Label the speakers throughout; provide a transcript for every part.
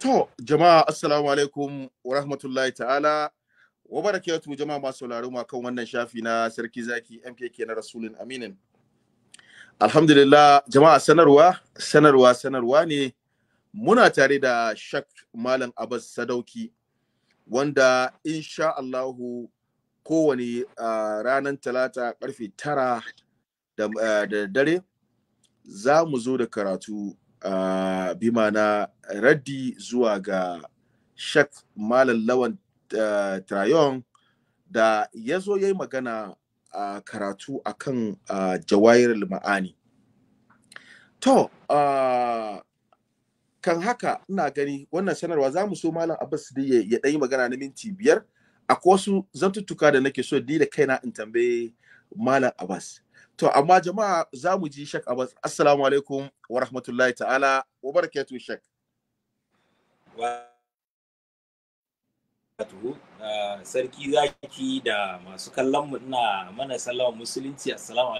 Speaker 1: To, jama'a assalamu alaikum wa rahmatullahi ta'ala. Wa barakatu jama'a masu sauraro ma kan wannan shafi na Sarki Zaki MKK na Rasulun Aminin. Alhamdulillah, jama'a sanarwa, sanarwa, sanarwa ne muna tare da Shak Malam Abbas Sadauki wanda insha Allahu kowane ranar talata karfe tara da dare za mu zo da karatu bi mana raddi zuwa ga shak malam lawan trayon da ya zo ya yi magana a karatu a kan jawayar ma'ani to kan haka ina gani wannan sanarwa za mu so malam abbas da ya ɗanyi magana na minti biyar akwai wasu zantuttuka da nake so ni da kaina in tambaye malam abbas To amma jama'a za mu ji shak Abbas. Assalamu alaikum wa rahmatullahi ta'ala wa barakatu shek.
Speaker 2: Wa
Speaker 3: sarki zaki da masu kallon mu ina mana sallama musulunci assalamu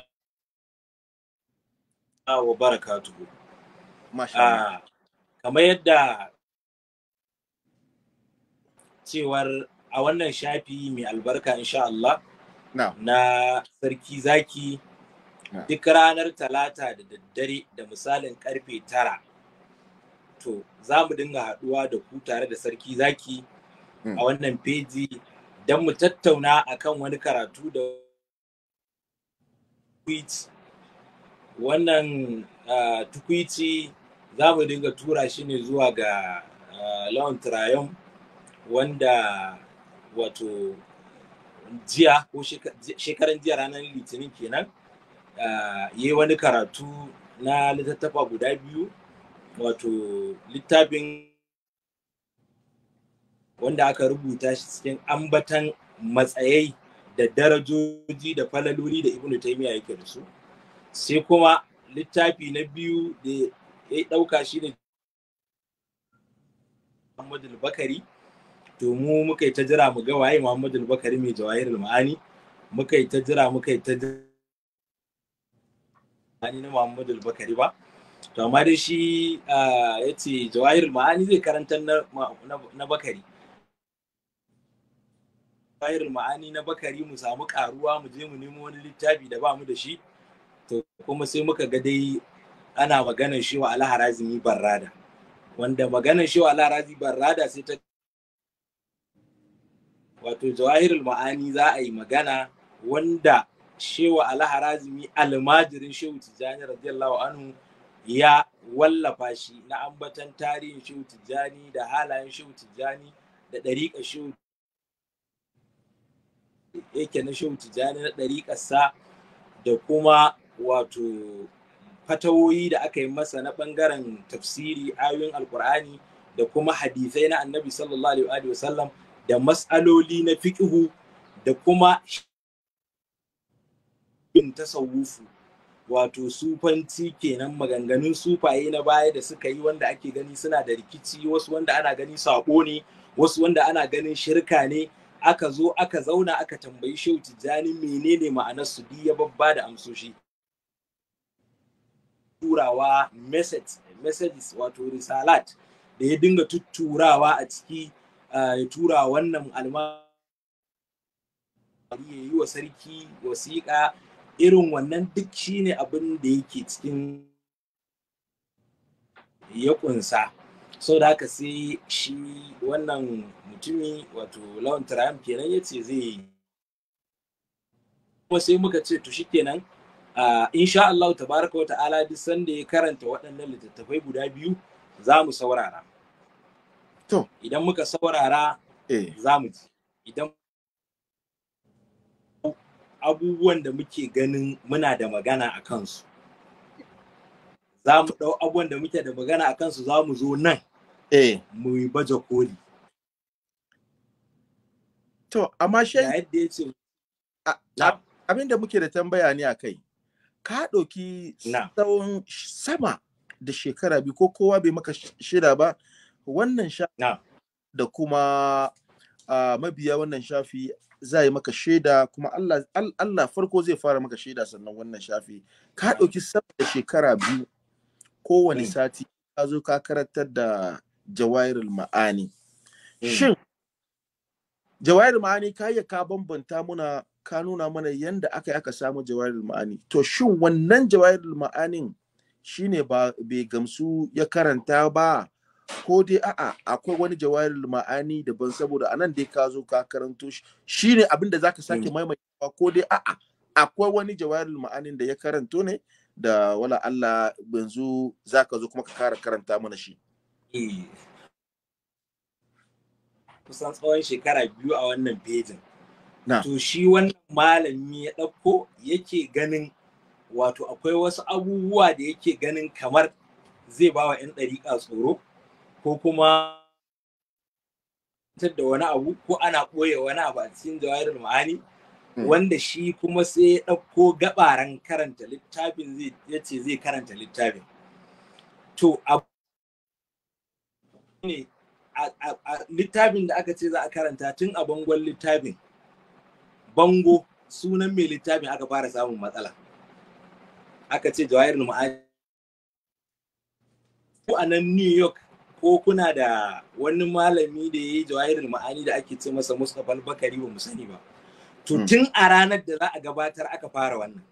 Speaker 3: alaikum wa barakatu Masha ah, kamar yadda cewar a wannan shafi mai albarka insha Allah na sarki zaki duk ranar talata da daddare da misalin karfe tara to za mu dinga haɗuwa da ku tare da sarki zaki hmm. a wannan feji don mu tattauna akan wani karatu da wannan ah, tukwici za mu dinga tura shi ne zuwa ga ah, lawan turayen wanda wato jiya ko shekaran jiya ranar litinin kenan yi wani karatu na littattafa guda biyu wato littafin wanda aka rubuta shi cikin ambatan matsayai da darajoji da falaloli da ibnu taimiyya yake da su sai kuma littafi na biyu da ya ɗauka shi ne muhammadu bakari to mu muka yi ta jira mu ga waye muhammadu bakari mai jawahirul ma'ani muka yi ta jira muka yi ta jira ma'ani na Muhammadu Bakari ba to amma dai shi ya ce Jawahir ma'ani zai karanta na Bakari Jawahir ma'ani na Bakari mu samu karuwa mu je mu nemo wani littafi da ba mu da shi to kuma sai muka ga dai ana maganar shi wa Alharazimi Barrada wanda maganar shi wa Alharazimi Barrada sai ta wato Jawahir ma'ani za a yi magana wanda shewa alharazimi almajirin shehu tijjani radiyallahu anhu ya wallafa shi na ambatan tarihin shehu tijjani da halayen shehu tijjani da ɗariƙar shehu yake na shehu tijjani na ɗariƙarsa da kuma wato fatawoyi da aka yi masa na ɓangaren tafsiri ayoyin alkur'ani da kuma hadisai na annabi sallallahu alaihi wa sallam da matsaloli na fiƙihu da kuma bin tasawufu wato sufanci kenan maganganun sufaye na baya da suka yi wanda ake gani suna da rikici wasu wanda ana gani sabo ne wasu wanda ana ganin shirka ne aka zo aka zauna aka tambayi shehu tijjani menene ma'anar su ya babba da amsoshi turawa messages wato risalat da ya dinga tutturawa a ciki ya tura wannan alma ya yi wa sarki wasiƙa irin wannan duk shi ne abin da yake cikin ya kunsa so da haka sai shi wannan mutumi wato lawan triumph kenan ya ce zai yi. kuma sai muka ce to shikenan uh, insha Allah tabaraka wa ta'ala duk sanda ya karanta waɗannan littattafai guda biyu za mu saurara to idan muka saurara eh. za mu ji idan abubuwan da muke ganin muna da magana a kansu za mu ɗau abubuwan da muke da magana a kansu za mu zo nan eh. mu yi baje koli to
Speaker 1: amma shi yadda ya ce abin da muke da tambaya ne a kai ka ɗauki tsawon sama da shekara biyu ko kowa bai maka shida ba wannan sha da kuma mabiya wannan shafi za yi maka shaida kuma Allah Allah farko zai fara maka shaida sannan wannan shafi ka ɗauki sama da shekara biyu kowane mm. sati ka zo ka karantar da jawairul ma'ani mm. shin jawairul ma'ani ka yi ka bambanta muna ka nuna mana yadda aka aka samu jawairul ma'ani to shin wannan jawairul ma'anin shine ba bai gamsu ya karanta ba ko dai a'a akwai wani jawarin ma'ani daban saboda anan dai ka zo ka karanto shi shine abin da zaka sake mm. maimaitawa ko dai a'a akwai wani jawarin ma'anin da ya karanto ne da wala Allah yanzu zaka zo kuma ka kara karanta mana shi
Speaker 3: eh. kusan tsawon shekara biyu a wannan bejin to shi wannan malami ya ɗauko yake ganin wato akwai wasu abubuwa da yake ganin kamar zai ba wa 'yan ɗariƙa tsoro ko kuma da wani abu ko ana ɓoye wani abu a cikin jawahirul ma'ani hmm. wanda shi kuma sai ya ɗauko gabaran karanta littafin ya ce zai karanta littafin to abu ne a littafin da aka ce za a karanta tun a bangon littafin bango sunan mai littafin aka fara samun matsala aka ce jawahirul ma'ani ko a nan new york ko kuna da wani malami da ya yi jawahirul ma'ani da ake ce masa Mustapha Bakari ba mu sani ba. To hmm. tun a ranar da za a gabatar aka fara wannan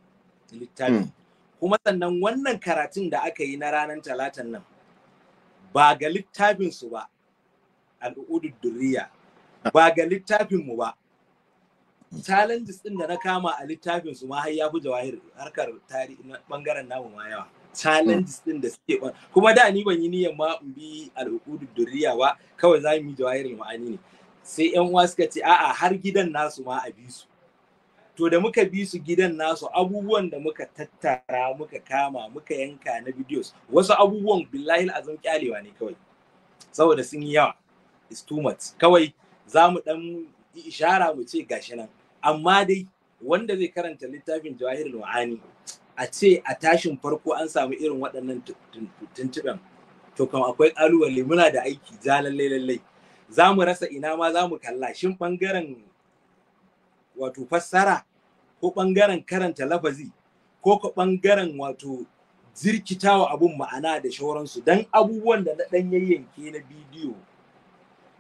Speaker 3: littafi. Hmm. Kuma sannan wannan karatun da aka yi na ranar talatan nan ba ga littafin su ba al'udud durriya ba ga littafin mu ba. Hmm. Challenges din da na kama a littafin su ma har ya fi jawahir harkar tarihi bangaren namu ma yawa. challenges hmm. din da suke ba kuma da ni ban yi niyyar ma in bi al'ukudu duriya ba kawai za mu yi ma'ani ne sai yan uwa suka ce a'a har gidan nasu ma a bi su to da muka bi su gidan nasu abubuwan da muka tattara muka kama muka yanka na videos wasu abubuwan billahi azam kyalewa ne kawai saboda sun yi yawa is too much kawai za mu dan ishara mu ce gashi nan amma dai wanda zai karanta littafin jawahirul ma'ani a ce a tashin farko an samu irin waɗannan tuntuɓen to kam akwai ƙalubale muna da aiki za lallai lallai za mu rasa ina ma za mu kalla shin ɓangaren wato fassara ko ɓangaren karanta lafazi ko ko ɓangaren wato zirkitawa abun ma'ana da shauransu don abubuwan da na ɗan yayyanke na bidiyo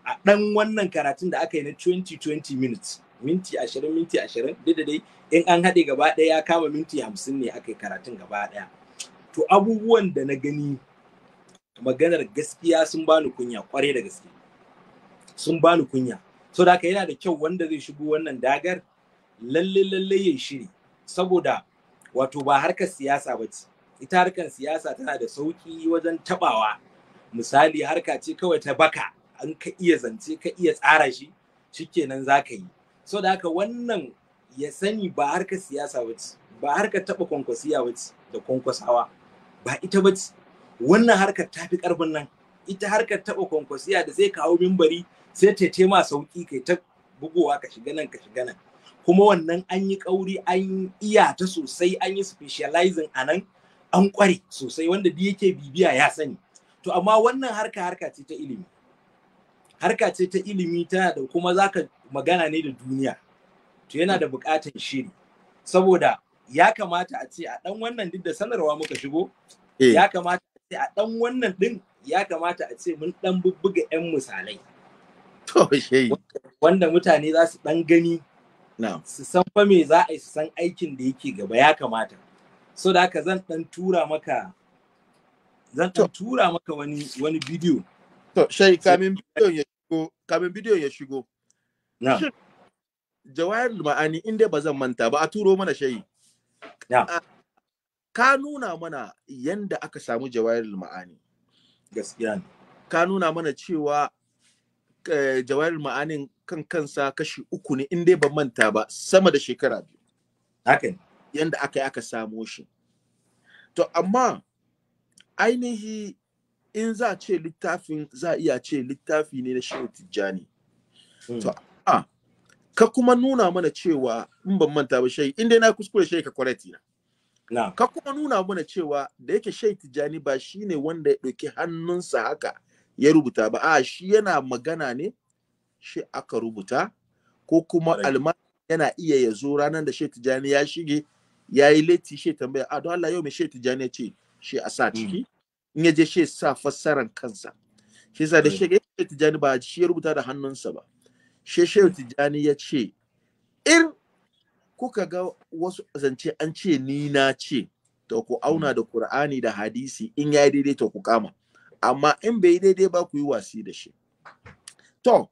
Speaker 3: a ɗan wannan karatun da aka yi na 20-20 minutes minti ashirin minti ashirin duk da dai in an haɗe gaba ɗaya ya kama minti hamsin ne aka yi karatun gaba ɗaya to abubuwan da na gani maganar gaskiya sun bani kunya kwarai da gaske sun bani kunya so da yana da kyau wanda zai shigo wannan dagar lalle lalle ya shiri saboda wato ba harkar siyasa ba ce ita harkar siyasa tana da sauki wajen tabawa misali harka ce kawai ta baka an ka iya zance ka iya tsara shi shikenan za ka yi so da haka wannan ya sani ba harka siyasa ba ce ba harka taɓa kwankwasiya ba da kwankwasawa ba ita ba wannan harkar ta fi ƙarfin nan ita harkar taba kwankwasiya da zai kawo mimbari sai ta ce ma sauƙi kai ta bugowa ka shiga nan ka shiga nan kuma wannan an yi ƙauri an iya ta sosai an yi specializing a nan an ƙware sosai wanda da yake bibiya ya sani to amma wannan harka harka ce ta ilimi harka ce ta ilimi tana da kuma zaka magana ne da duniya to yana da buƙatar shiri saboda ya kamata a ce a ɗan wannan duk da sanarwa muka shigo eh. ya kamata a ce a ɗan wannan ɗin ya kamata a ce mun ɗan bubbuga 'yan misalai wanda mutane za su ɗan gani su san fa me za a yi su san aikin da yake gaba ya kamata so da haka zan ɗan tura maka zan dan tura maka wani wani bidiyo to shai kamin bidiyon ya shigo kamin bidiyon ya shigo
Speaker 1: jawahir ma'ani inda ba zan manta ba a turo mana shayi ka nuna mana yanda aka samu jawahir ma'ani gaskiya ne ka nuna mana cewa eh, jawahir ma'anin kan kansa kashi uku ne in dai ban manta ba sama da shekara biyu haka yanda aka yi aka samo shi to amma ainihi in za a ce littafin za a iya ce littafi ne na shirin tijjani hmm. to a ka kuma nuna mana cewa in ban manta ba shai inda na kuskure shai ka kwarati na ka kuma nuna mana cewa da yake shai tijani ba shine wanda ya ɗauki hannunsa haka ya rubuta ba a shi yana magana ne shi aka rubuta ko kuma alma yana iya yazo zo ranar da shai tijani ya shige ya yi leti shai tambaya a don Allah yau mai shai tijani ya ce shi a sa hmm. ciki in ya je shai sa fassarar kansa shi sa da shai tijani ba shi ya rubuta da hannunsa ba Sheshew tijani ya ce, in kuka ga wasu zance an ce ni na ce, to ku auna da Ƙur'ani da hadisi in ya yi daidai to ku kama, amma in bai yi daidai ba ku yi wasi da shi. To,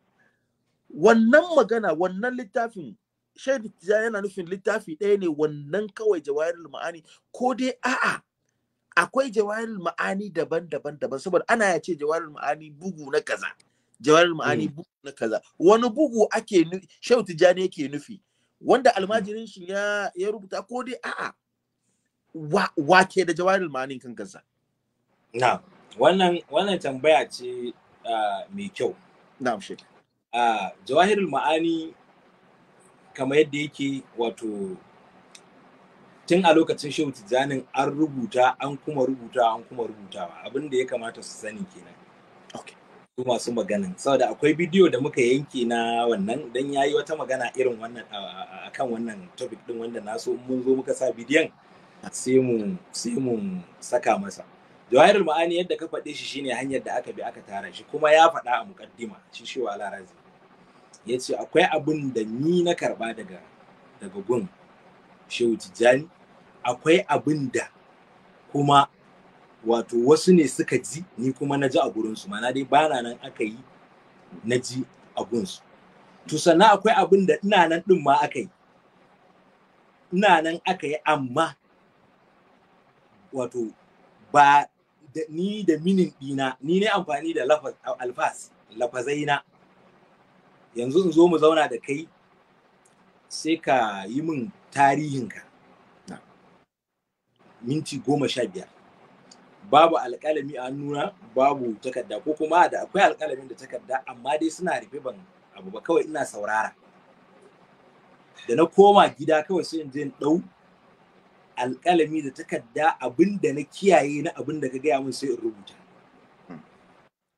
Speaker 1: wannan magana, wannan littafin shaidu tijani yana nufin littafi ɗaya ne wannan kawai jawahirul ma'ani ko dai a'a akwai jawahirul ma'ani daban-daban daban saboda ana ya ce jawahirul ma'ani bugu na kaza Jawarar eh. ma'ani bugu na kaza wani bugu ake shehu tijjani yake nufi wanda hmm. almajirin shi ya ya rubuta ko dai a'a wa ke da jawarar ma'anin kan kansa
Speaker 3: na wannan wannan tambaya ce mai kyau Na shi a jawahirul ma'ani kamar yadda yake wato tun a lokacin shehu tijjanin an rubuta an kuma rubuta an kuma rubutawa abin da ya kamata su sani kenan okay su masu maganan saboda akwai bidiyo da muka yanke na wannan dan yayi wata magana irin wannan akan wannan topic din wanda so mun zo muka sa bidiyon sai mu sai mu saka masa jawahirul ma'ani yadda ka faɗe shi shine hanyar da aka bi aka tara shi kuma ya faɗa a mukaddima shi shi wa larazi yace akwai abin da ni na karɓa daga daga gun shehu tijjani akwai abin da kuma wato wasu ne suka ji ni kuma na ji a gurinsu mana dai bana nan aka yi na ji a gunsu to sannan akwai abin da ina nan din ma aka yi ina nan aka yi amma wato ba da ni da minin dina ni ne amfani da alfas lafazai na. yanzu in zo mu zauna da kai sai ka yi min tarihinka minti goma sha biyar babu alƙalami a nuna babu takarda ko kuma da akwai alƙalamin da takarda amma dai suna rufe ban abu ba kawai ina saurara da na koma gida kawai sai in je in ɗau alƙalami da takarda abin da na kiyaye na abin da ka gaya min sai in rubuta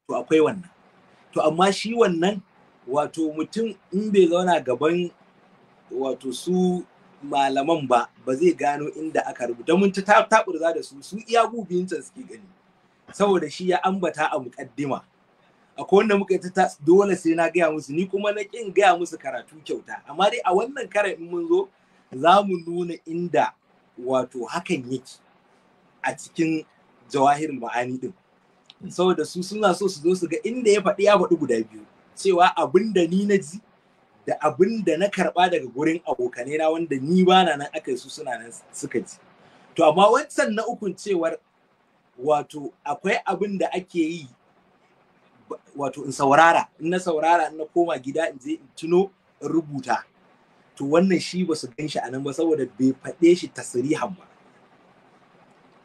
Speaker 3: to akwai wannan to amma shi wannan wato mutum in bai zauna gaban wato su malaman ba ba zai gano inda aka rubuta mun ta taburza da su su iya gubin can suke gani saboda shi ya ambata a muƙaddima akwai wanda muka ta dole sai na gaya musu ni kuma na kin gaya musu karatu kyauta amma dai a wannan karan in mun zo za mu nuna inda wato hakan yake a cikin jawahir ma'ani din saboda su suna so su zo su ga inda ya faɗi ya faɗi guda biyu cewa abin da ni na ji da abin da na karba daga gurin abokanai na wanda ni ba na nan aka su suna nan suka ji to amma wancan na ukun cewar wato akwai abin da ake yi wato in saurara in na saurara in na koma gida in je in tuno in rubuta to wannan shi ba su gan shi ba saboda bai faɗe shi tasirihan ba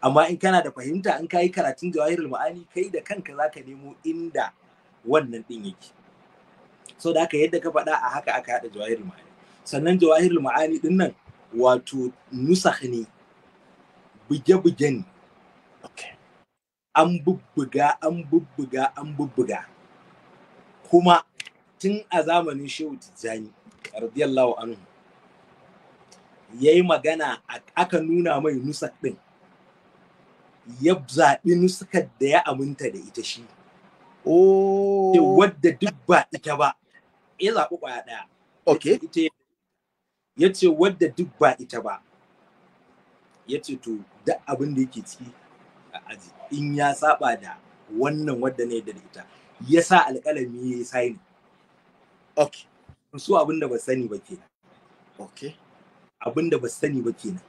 Speaker 3: amma in kana da fahimta in ka yi karatun jawahirul ma'ani kai da kanka zaka nemo inda wannan din yake so da haka yadda ka faɗa a haka aka haɗa jawahir ma'ani sannan jawahir ma'ani din nan wato nusakh ne buge-buge ne an bubbuga an bubbuga an bubbuga kuma tun a zamanin shehu tijjani radiyallahu anhu ya yi magana aka nuna mai nusak ɗin ya zaɓi nusakar da ya aminta da ita shi
Speaker 1: oh.
Speaker 3: wadda duk ba ita ba ya zaɓi ƙwaya ɗaya. Ok. Ya ce wadda duk ba ita ba. Ya ce to da abin da yake ciki a aji in ya saba da wannan wadda na yadda da ita ya sa alƙalami ya yi saini. Ok. Su abin da ba sani ba kenan. Ok. Abin da ba sani ba kenan.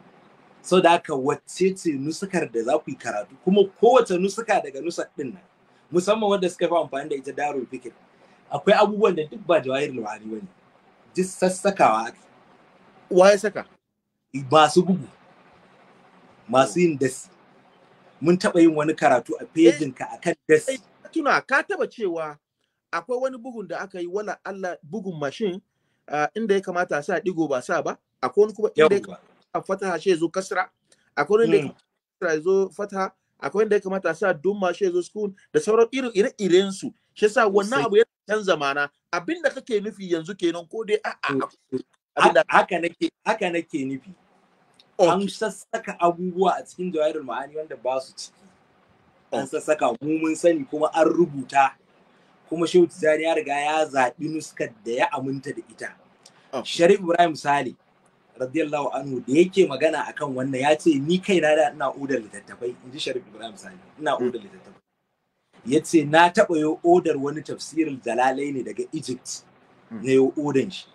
Speaker 3: Sau da aka wacce ce nusukar da za ku yi karatu kuma kowace nusuka daga nusar ɗin nan musamman wadda suka fi amfani da ita darul fikir. akwai abubuwan da duk ba jawahir ma'ani bane duk sassakawa wa ya saka masu bugu masu yin dasi mun taɓa yin wani karatu a pejin ka akan dasi tuna ka taba
Speaker 1: cewa akwai wani bugun da aka yi wala Allah bugun mashin inda ya kamata sa digo ba sa ba akwai wani kuma inda ya kamata fataha shi zo kasra akwai wani da ya hmm. kamata zo fataha akwai inda ya kamata sa dumma shi zo sukun da sauran irin ire-iren su shi yasa wannan abu ya zamana abin abinda kake nufi yanzu kenan ko dai a'a
Speaker 3: haka nake haka nake nufi an sassaka abubuwa a cikin jawahirul ma'ani wanda ba su ciki an sassaka mu mun sani kuma an rubuta kuma shehu tijani ya riga ya zaɓi nuskar da ya aminta da ita sharif ibrahim sale radiyallahu anhu da yake magana akan wannan ya ce ni kaina da ina odar littattafai in ji sharif ibrahim sale ina hmm. odar littattafai ya ce na taɓa yi odar wani tafsirin dalalai ne daga egypt hmm. na yi shi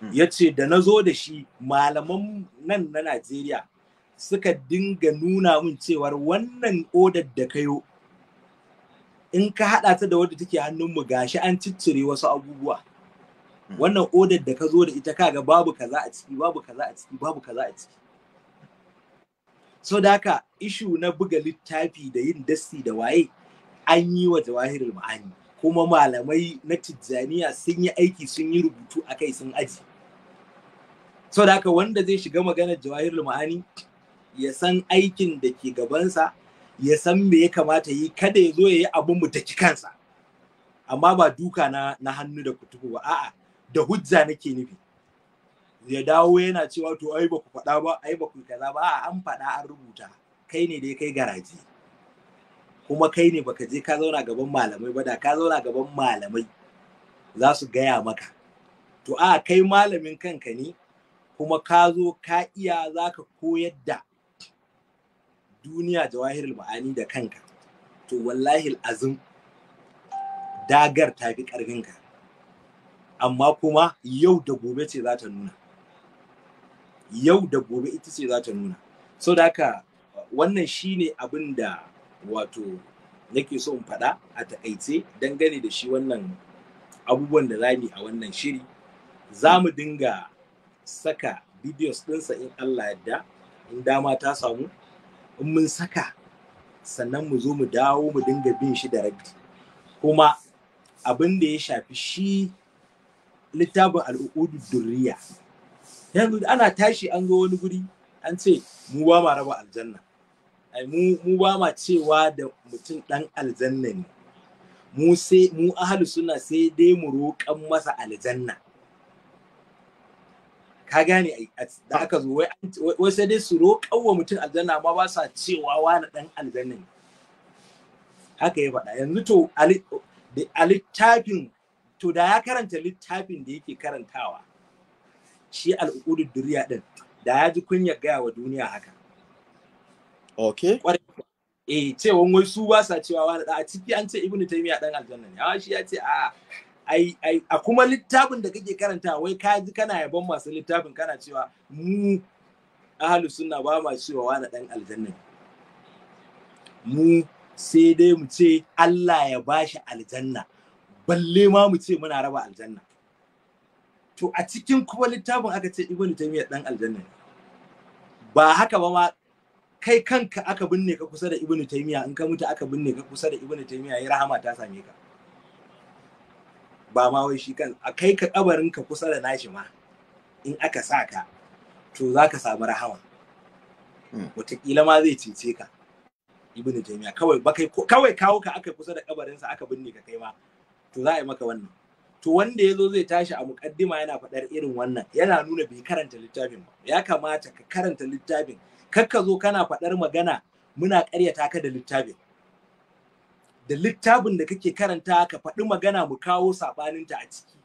Speaker 3: hmm. ya ce da na zo da shi malaman nan na najeriya suka dinga nuna mun cewar wannan odar da kayo in ka haɗa ta da wadda take hannunmu gashi an ciccire wasu abubuwa hmm. wannan odar da ka zo da ita kaga babu kaza a ciki babu kaza a ciki babu kaza a ciki so da haka ishu na buga littafi da yin dasti da waye an yi wa jawahirul ma'ani kuma malamai na tijjaniya sun yi aiki sun yi rubutu a kai sun aji so da haka wanda zai shiga maganar jawahirul ma'ani ya san aikin da ke gabansa ya san me ya kamata yi kada ya zo ya yi abin mu daki kansa amma ba duka na, na hannu da kutubu ba a'a da hujja nake nufi ya dawo yana cewa to ai ba ku faɗa ba ai ba ku kaza ba an faɗa an rubuta kai ne dai kai garaji? kuma kai ne baka je ka zauna gaban malamai ba da ka zauna gaban malamai za su gaya maka to a kai malamin kanka ne kuma ka zo ka iya za ka koyar da duniya jawahirin ma'ani da kanka to wallahi azum dagar ta fi ƙarfinka amma kuma yau da gobe ce za ta nuna yau da gobe ita ce za ta nuna so da haka wannan shine abin da wato nake so in faɗa a taƙaice dangane da shi wannan abubuwan da zamu a wannan shiri za mu dinga saka videos ɗinsa in Allah yadda in dama ta samu in mun saka sannan mu zo mu dawo mu dinga bin shi da rabi kuma abin da ya shafi shi littafin al'udu durriya yanzu ana tashi an ga wani guri an ce mu ba ma raba aljanna mu ba ma cewa da mutum ɗan aljanna ne mu sai mu ahalu suna sai dai mu roƙan masa aljanna ka gane da aka zo wai sai dai su roƙan wa mutum aljanna amma ba sa cewa wani ɗan aljanna ne haka ya faɗa yanzu to a littafin to da ya karanta littafin da yake karantawa shi al'udud duriya ɗin da ya ji kunyar gaya wa duniya haka okay ce eh, cewa wai su ba sa cewa wani a ciki an ce ibnu taymiya dan aljanna ne amma shi ya ce a ah, ai ai a kuma littafin da kake karanta wai ka ji kana yabon masu littafin kana cewa mu ahlus sunna ba ma cewa wani dan aljanna ne mu sai dai mu ce Allah ya bashi aljanna balle ma mu ce muna raba aljanna to a cikin kuma littafin aka ce ibnu taymiya dan aljanna ne ba haka ba ma kai kanka aka binne ka kusa da Ibn taymiya in ka mutu aka binne ka kusa da Ibn taymiya ya rahama ta same ka ba ma wai shi kan a kai ka kabarin ka kusa da nashi ma in aka sa ka to za ka samu rahama hmm. wataƙila ma zai cece ka Ibn taymiya kawai ba kai kawai kawo ka aka kusa da kabarin sa aka binne ka kai ma to za a yi maka wannan to wanda yazo zai tashi a muƙaddima yana faɗar irin wannan yana nuna bai karanta littafin ba ya kamata ka karanta littafin kakka zo kana faɗar magana muna ƙaryata ka da littafin da littafin da kake karanta ka faɗi magana mu kawo saɓaninta a ciki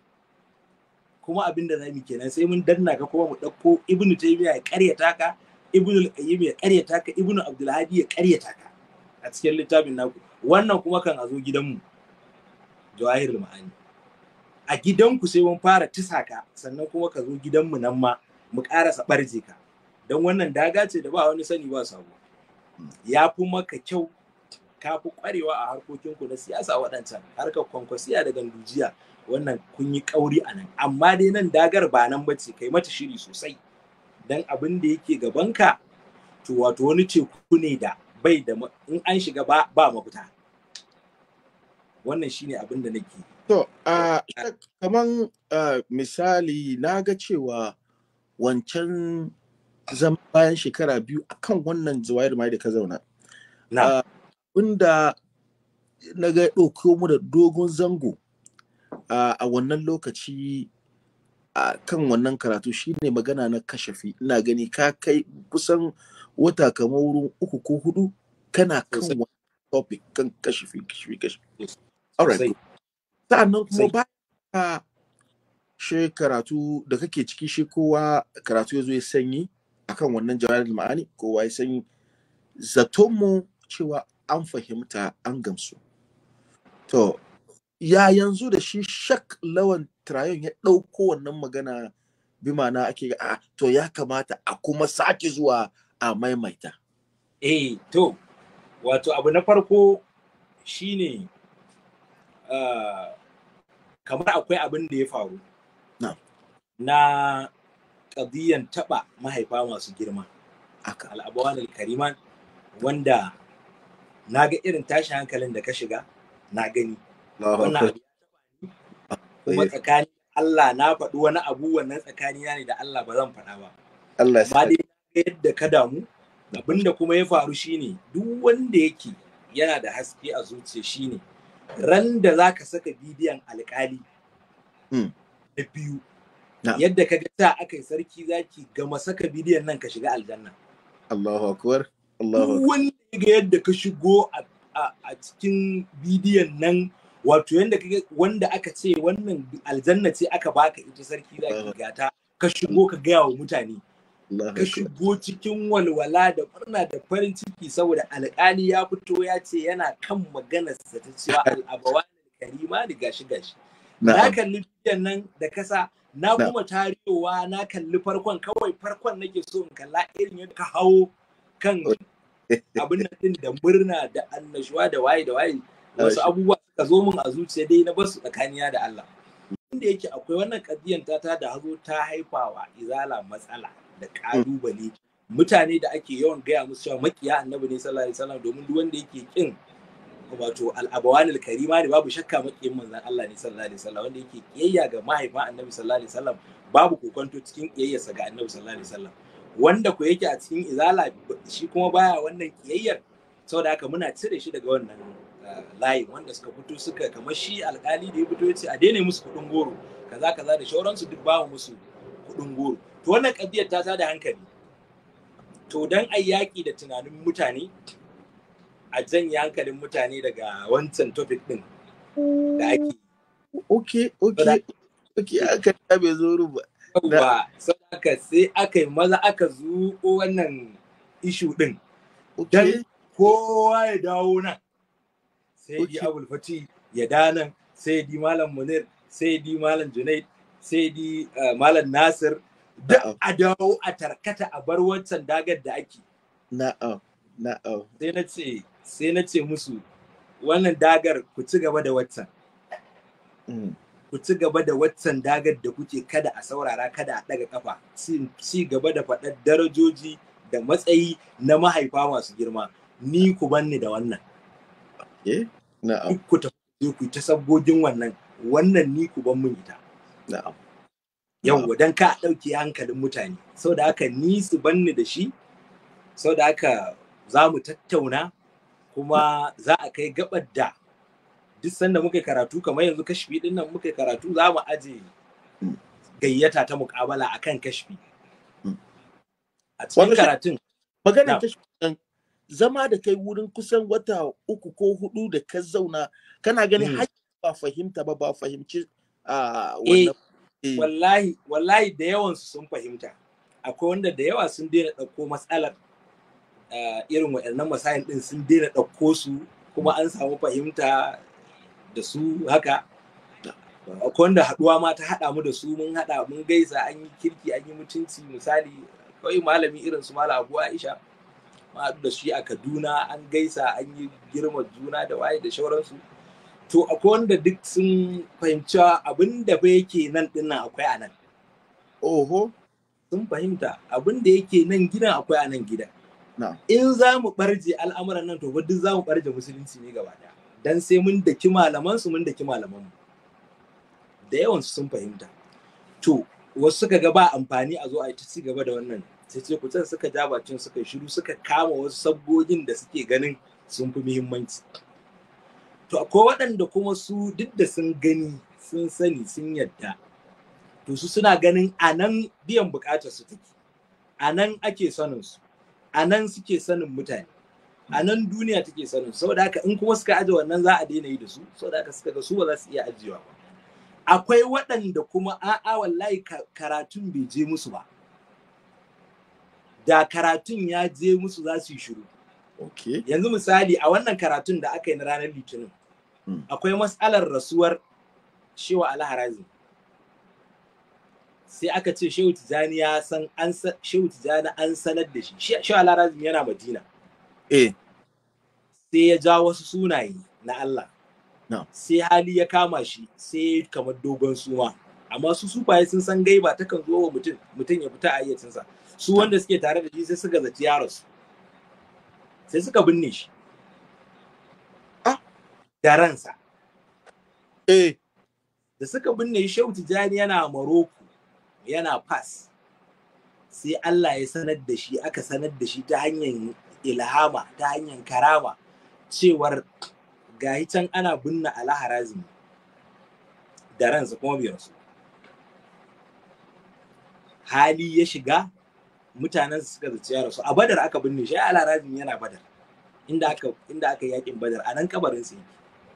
Speaker 3: kuma abin da zamu kenan sai mun danna ka kuma mu ɗauko ibnu taymiya ya ƙaryata ka ibnu al-qayyim ya ƙaryata ka ibnu abdulhadi ya ƙaryata ka a cikin littafin naku wannan kuma kan a zo gidanmu jawahirul ma'ani a gidanku sai mun fara tisa ka sannan kuma ka zo gidanmu nan ma mu ƙarasa ɓarje ka don wannan daga ce da ba wani sani ba sabo ya fi maka kyau ka fi kwarewa a harkokinku na siyasa waɗancan harkar kwankwasiya da gandujiya wannan kun yi kauri a nan amma dai nan dagar ba nan ba ce kai mata shiri sosai don abin da yake gabanka to wato wani teku ne da bai da in an shiga ba ba mafita wannan shine abin da
Speaker 4: nake
Speaker 1: to a kaman misali na ga cewa wancan zama bayan shekara biyu a kan wannan zawayar mai da ka zauna na Wanda ah, na ga ɗauko mu da dogon zango ah, a wannan lokaci a kan wannan karatu shine magana na kashafi ina gani ka kai kusan wata kamar wurin uku ko hudu kana kan wannan topic kan kashafi kashafi kashafi sa'annan kuma ba ka shi karatu da kake ciki shi kowa karatu ya zo ya sanyi akan wannan jawabin ma'ani kowa ya zaton mu cewa an fahimta an gamsu to ya yanzu da shi shak lawan trayon ya ɗauko wannan magana bi ma'ana
Speaker 3: ake a to ya kamata a kuma sake zuwa a maimaita eh to wato abu na farko shine uh, kamar akwai abin da ya faru na ƙadiyan taba mahaifa masu girma al'abawan alkariman wanda na ga irin tashin hankalin da ka shiga na gani kuma tsakani Allah na faɗi wani abu wannan tsakani na ne da Allah ba zan faɗa ba Allah ya dai yadda ka damu abinda kuma ya faru shine duk wanda yake yana da haske a zuciya shine ran da zaka saka bidiyon alkali hmm. na biyu yadda ka ga sa aka yi sarki zaki gama saka bidiyon nan ka shiga aljanna Allahu akbar Allahu wanda ga yadda ka shigo a cikin bidiyon nan wato yadda wanda aka ce wannan aljanna ce aka baka ita sarki zaki ga ta ka shigo ka gaya wa mutane ka shigo cikin walwala da murna da farin ciki saboda alƙali ya fito ya ce yana kan maganar sa ta cewa al'abawa karima ni gashi gashi na kalli bidiyon nan da kasa na kuma tarewa na kalli farkon kawai farkon nake so in kalla irin yadda ka hawo kan abin nan din da murna da annashuwa da waye da waye wasu abubuwa suka zo min a zuciya dai na basu tsakaniya da Allah inda yake akwai wannan kadiyan ta ta da hazo ta haifawa izala matsala da kalubale mutane da ake yawan gaya musu cewa makiya annabi ne sallallahu alaihi wasallam domin duk wanda yake kin wato al'abawan Alkarima ne babu shakka makiyin manzan Allah ne sallallahu alaihi wasallam wanda yake kiyayya ga mahaifa annabi sallallahu alaihi wasallam babu kokonto cikin kiyayyarsa ga annabi sallallahu alaihi wasallam wanda ko yake a cikin izala shi kuma baya wannan kiyayyar saboda haka muna cire shi daga wannan eh, layin wanda suka fito suka kamar shi alkali da ya fito ya ce a daina musu kuɗin goro kaza kaza da shauransu duk bawa musu kuɗin goro to wannan kabiyar ta da hankali to dan ayyaki yaki da tunanin mutane a janye hankalin mutane daga wancan topic din da ake oke oke ok aka ta bai zo ruba ba sau aka sai aka yi maza aka zuƙo wannan ishu din don kowa ya dawo nan
Speaker 2: sai di abul
Speaker 3: fati ya danan sai di malam munir sai di malam junaid sai di eh, malam nasir da a dawo a tarkata a bar wancan dagar da ake na'am na'am sai na ce sai na ce musu wannan dagar ku ci gaba da watan. Mm. ku ci gaba da watan dagar da kuke kada a saurara kada a daga kafa ci gaba da faɗar darajoji da matsayi na mahaifa masu girma ni ku banni da wannan eh, ku ta ku ta sabogin wannan wannan ni ku ban mun ita yawwa don ka ɗauke hankalin mutane sau da haka ni su banni da shi sau da haka za mu tattauna kuma za a kai gabar da duk sanda muka karatu kamar yanzu kashfi din nan muka karatu za mu aje gayyata ta mukabala akan kashfi a cikin karatun magana ta zama da
Speaker 1: kai wurin kusan wata uku ko hudu da ka zauna kana ganin hmm. har ba fahimta
Speaker 3: ba ba fahimci eh, wannan eh. wallahi wallahi da yawan su sun fahimta akwai wanda da yawa sun daina ɗauko matsalar Ah, irin waɗannan masayin ɗin sun daina ɗauko su kuma an samu fahimta da su haka akwai wanda haɗuwa ma ta haɗa mu da su mun haɗa mun gaisa an yi kirki an yi mutunci misali kawai malami irin su malam abu aisha ma haɗu da shi a kaduna an gaisa an yi girma juna da waye da shauransu to akwai wanda duk sun fahimci abin da ba yake nan dinnan akwai a nan oho sun fahimta abin da yake nan gidan akwai a nan gidan in za mu barje al'amuran nan to duk za mu barje musulunci ne gaba ɗaya dan sai mun daki malaman su mun daki malaman mu da yawan sun fahimta to wasu suka ga ba amfani a zo a ta ci gaba da wannan sai ce kucin suka ja bacin suka shiru suka kama wasu sabgogin da suke ganin sun fi muhimmanci to akwai waɗanda kuma su duk da sun gani sun sani sun yadda to su suna ganin a nan biyan bukatar su take a nan ake sanin su a nan suke sanin mutane Anan duniya take sanin saboda haka in kuma suka aje wannan za a daina yi da su saboda haka suka ga su ba za su iya ajiyewa ba akwai waɗanda kuma a'a wallahi karatun bai je musu ba da karatun ya je musu za su yi shiru yanzu misali a wannan karatun da aka yi na ranar litinin hmm. akwai matsalar rasuwar shewa harazi sai aka ce shehu tijani ya san an shehu tijani an sanar da shi shehu alarazim yana madina eh sai ya ja wasu sunaye na Allah sai hali ya kama shi sai kamar dogon suma amma su sufaye sun san gaiba ta kan zo wa mutum mutum ya fita a iyacinsa. su wanda suke tare da shi sai suka zaci yaros sai suka binne shi ah. da ransa eh da suka binne shi shehu tijani yana maroko yana pass sai Allah ya sanar da shi aka sanar da shi ta hanyar ilhama ta hanyar karama cewar gahi can ana binna alaharazmi da ransa kuma bai rasu hali ya shiga mutanen suka zaci ya su. a badar aka binne shi alaharazmi yana badar inda aka inda aka yakin badar a nan kabarin sai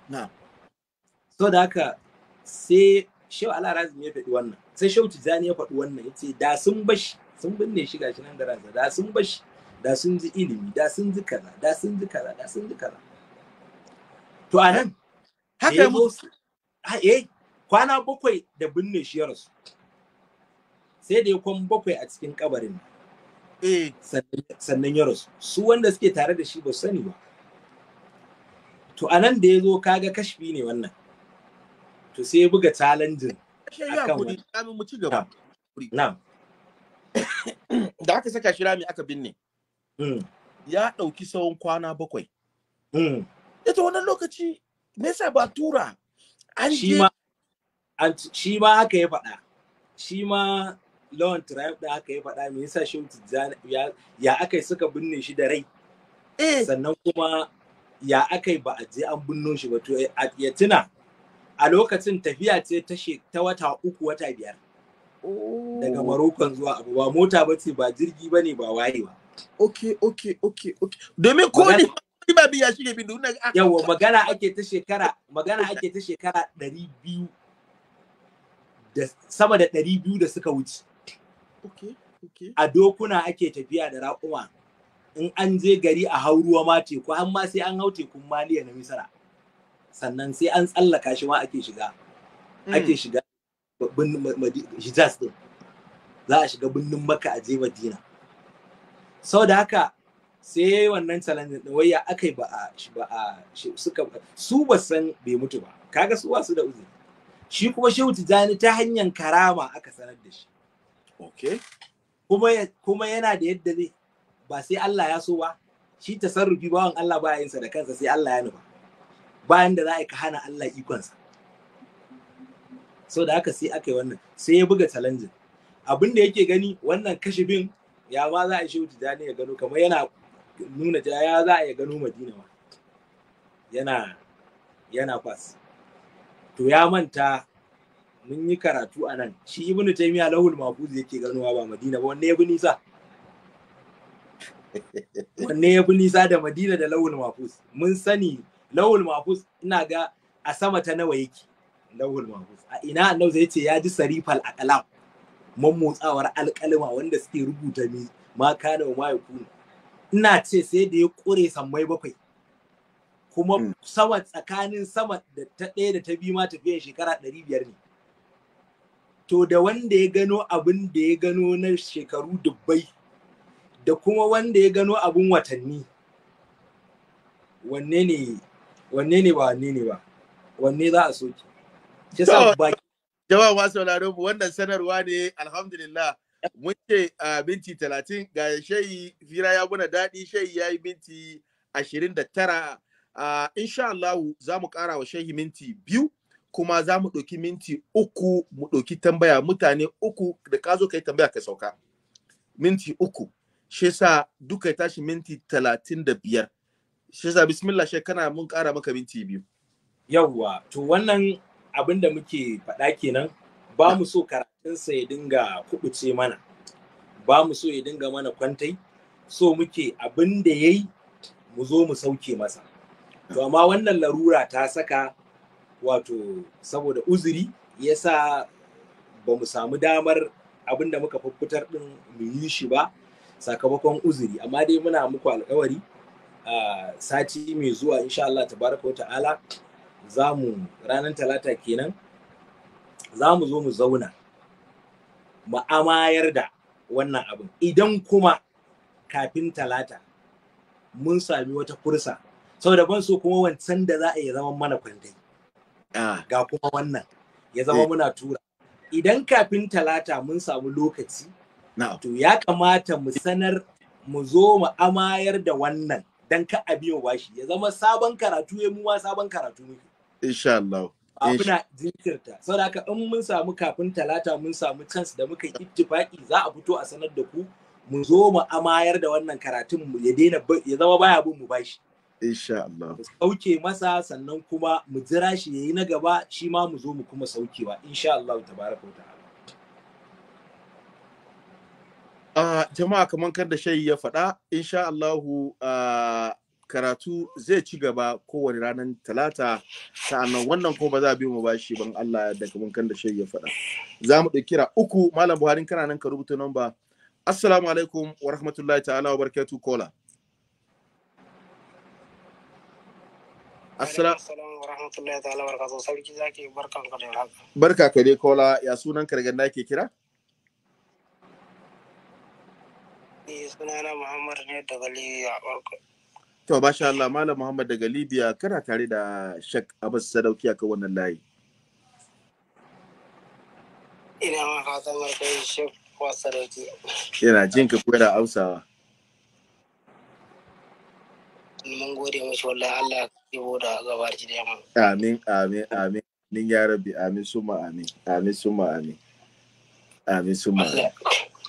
Speaker 3: na so da haka sai shi alaharazmi ya fadi wannan sai shauci Zani ya faɗi wannan yace da sun bashi sun binne shi gashi nan da ransa da sun bashi da sun ji ilimi da sun ji kaza da sun ji kaza da sun ji kaza to a nan haka mu eh kwana bakwai da binne shi ya rasu sai da ya kwan bakwai a cikin kabarin eh. sannan ya rasu su wanda suke tare da shi ba sani ba to a nan da ya zo kaga kashfi ne wannan to sai ya buga challenging
Speaker 2: Shi ya kudi
Speaker 3: kamin mu ci gaba. Na'am. Da aka
Speaker 1: saka shi rami aka binne. Hmm. Ya ɗauki tsawon kwana
Speaker 3: bakwai. Ita hmm. wannan lokaci me yasa ba tura an je shi ma haka ya faɗa shi ma lawan tribe da aka ya faɗa me yasa shi ya aka suka binne shi da rai eh. sannan kuma ya aka ba a je an binno shi ba to eh, ya tuna a lokacin tafiya ce ta ta wata uku wata biyar daga oh. marokon zuwa abu ba mota ba ce ba jirgi ba ne ba waye ba ok ok ok ok domin ko ne ba biya shi ne bi nuna yawa magana ake ta shekara magana ake ta shekara ɗari biyu da sama da ɗari biyu da suka wuce
Speaker 1: ok
Speaker 2: ok
Speaker 3: a dokuna ake tafiya da raƙuma in an je gari a hau ruwa ma teku har ma sai an hau tekun maliya na misira sannan sai an tsallaka shi ma ake shiga hmm. ake shiga hijaz din za a shiga birnin maka a je madina sau da haka sai wannan challenge din wai aka ba a ba a suka su ba san bai mutu ba kaga su wasu da uzuri shi kuma shehu tijani ta hanyar karama aka sanar da shi okay kuma kuma yana da yadda zai ba sai Allah ya so ba shi tasarrufi bawan Allah ba yin sa da kansa sai Allah ya nufa bayan da za ka hana Allah ikonsa so da haka sai aka yi wannan sai ya buga challenge abin da yake gani wannan bin ya ma za a shehu tijani ya gano kamar yana nuna ya za a ya gano madina ma yana yana kwas to ya manta mun yi karatu a nan shi ibnu taymiya lahul mafuz yake ganowa ba madina ba wanne ya bi nisa wanne ya fi nisa da madina da lahul mafuz mun sani lawul mahfuz ina ga a sama ta nawa yake lawul mahfuz a ina annabi zai ce ya ji sarifal aqlam motsawar alkalma wanda suke rubuta ni ma kana ma ya kuna ina ce sai da ya kure sammai bakwai kuma hmm. sama tsakanin sama da ta ɗaya da ta biyu ma tafiyan shekara ɗari biyar ne to da wanda ya gano abin da ya gano na shekaru dubbai da kuma wanda ya gano abin watanni wanne ne wanne ne ba wanne ne ba wanne za a soke
Speaker 1: shi sa baki jama'a masu sauraro mu wannan sanarwa ne alhamdulillah mun ce a minti talatin ga shayi fira ya guna daɗi shayi ya yi minti ashirin da tara insha Allah za mu ƙara wa shayi minti biyu kuma za mu ɗauki minti uku mu ɗauki tambaya mutane uku da ka zo ka yi tambaya ka sauka minti uku shi sa duka ya tashi minti talatin da biyar
Speaker 3: shi yasa bismillah shi kana mun ƙara maka minti biyu yawwa to wannan abin da muke faɗa kenan ba mu so karatunsa ya dinga kubuce mana ba mu so ya dinga mana kwantai so muke abin da ya yi mu zo mu sauke masa to amma wannan larura ta saka wato saboda uzuri ya sa ba mu samu damar abin da muka fuffutar ɗin mu yi shi ba sakamakon uzuri amma dai muna muku alƙawari. sati mai zuwa insha Allah tabaraka wa ta'ala za mu ranar talata kenan za mu zo mu zauna mu amayar da wannan abin idan kuma kafin talata mun sami wata kursa sau da ban so kuma wancan da za a yi zama mana kwandai ah. ga kuma wannan ya zama eh. muna tura idan kafin talata mun samu lokaci to ya kamata mu sanar mu zo mu amayar da wannan dan ka abi biyan washi ya zama sabon karatu ya muwa sabon karatu muke
Speaker 1: insha Allah abuna
Speaker 3: jinkirta saboda haka in mun samu kafin talata mun samu chance da muka ittifaki za a fito a sanar da ku mu zo mu amayar da wannan karatun mu ya daina ya zama baya bin mu bashi
Speaker 1: insha Allah
Speaker 3: sauke masa sannan kuma mu jira shi yayi na gaba shi ma mu zo mu kuma saukewa insha Allah tabaraka wa
Speaker 1: Uh, jama'a kamar kan da shayi ya faɗa insha Allahu uh, karatu zai ci gaba kowane ranar talata sa'annan wannan ko ba za a biyu mu ba shi ban Allah da kamar kan da shayi ya faɗa za mu ɗauki kira uku malam Buhari kana nan ka rubuta nan ba. assalamu alaikum wa rahmatullahi ta'ala wa barakatu kola Assalamu
Speaker 2: wa rahmatullahi ta'ala wa barakatu. sarki zaki barkan ka da
Speaker 1: barka ka dai kola ya sunan kargan da ke kira
Speaker 2: Eh sunana Muhammad ne daga Libya.
Speaker 1: To masha Allah Malam Muhammad daga Libya kana tare da Shek Abbas Sadauki akan wannan layi.
Speaker 2: Ina ma fatan barkai Shek Abbas Sadauki.
Speaker 1: Yana jin ka kwera Hausawa.
Speaker 2: Mun gode mashi wallahi Allah ya da gabar da yamma.
Speaker 1: Amin amin amin. Nin ya rabbi amin suma amin. Amin suma amin. Amin suma amin.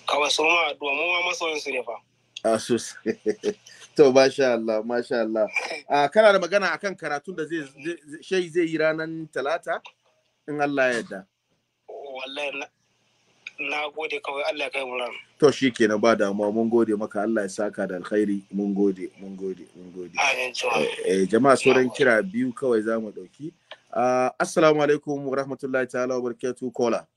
Speaker 2: kawai sun ma addu'a mun ma masoyin su ne fa
Speaker 1: a ah, sosai to masha Allah masha Allah a ah, kana da magana akan karatun da zai zai yi ranar talata in Allah ya yarda
Speaker 2: wallahi na gode kawai Allah ya kai mu ran
Speaker 1: to shikenan ba damuwa mun gode maka Allah ya saka da alkhairi mun gode mun gode mun gode eh, eh jama'a sauran kira biyu kawai zamu dauki ah, assalamu alaikum wa rahmatullahi ta'ala wa barakatuh kola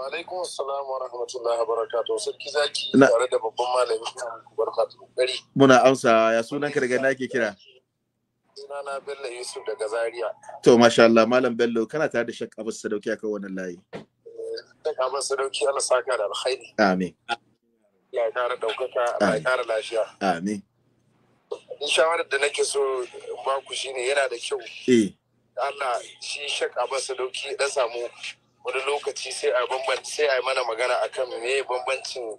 Speaker 2: alaikum assalam wa rahmatullahi wa barakatuh. Sarki zaki tare da babban malami barka da Muna
Speaker 1: amsa ya sunan ka daga nake kira.
Speaker 4: Sunana Bello Yusuf daga Zaria.
Speaker 1: To masha Allah malam Bello kana tare da shakka Abbas Sadauki akan wannan layi. Eh,
Speaker 4: shakka Abbas Sadauki Allah saka da alkhairi. Amin. Ya kara daukaka, ya kara lafiya. Amin. In shawarar da nake so ba ku shine yana da kyau. Eh. Allah shi shakka Abbas Sadauki dan samu wani lokaci sai a bambanci sai a yi mana magana akan me bambancin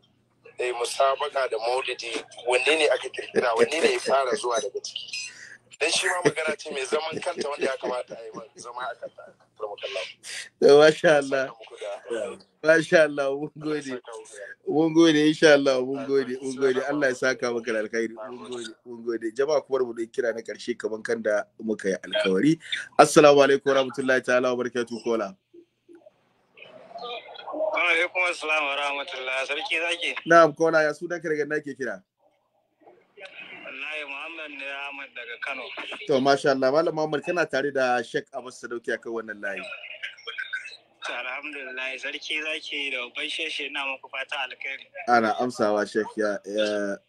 Speaker 4: eh, musabaka da maulidi wanne ne aka kirkira wanne ne ya fara zuwa daga ciki dan shi ma magana ce mai zaman kanta wanda ya kamata a yi zama a kanta to
Speaker 1: masha Allah masha Allah mun gode mun gode insha Allah mun gode mun gode Allah ya saka maka da alkhairi mun gode mun gode jama'a kuma mu dai kira na karshe kaman kan da muka yi alkawari assalamu alaikum warahmatullahi ta'ala wa barakatuh kola
Speaker 2: Alaikum assalam wa rahmatullah sarki zaki.
Speaker 1: Na'am kola ya sunan ka daga nake kira. Wallahi
Speaker 2: Muhammad ne Ahmad daga Kano. To masha
Speaker 1: Allah Malam Muhammad kana tare da Sheikh Abbas Sadauki akan wannan layi.
Speaker 2: Alhamdulillah sarki zaki da babban sheshe na muku fata
Speaker 1: alkhairi. Ana amsawa Sheikh ya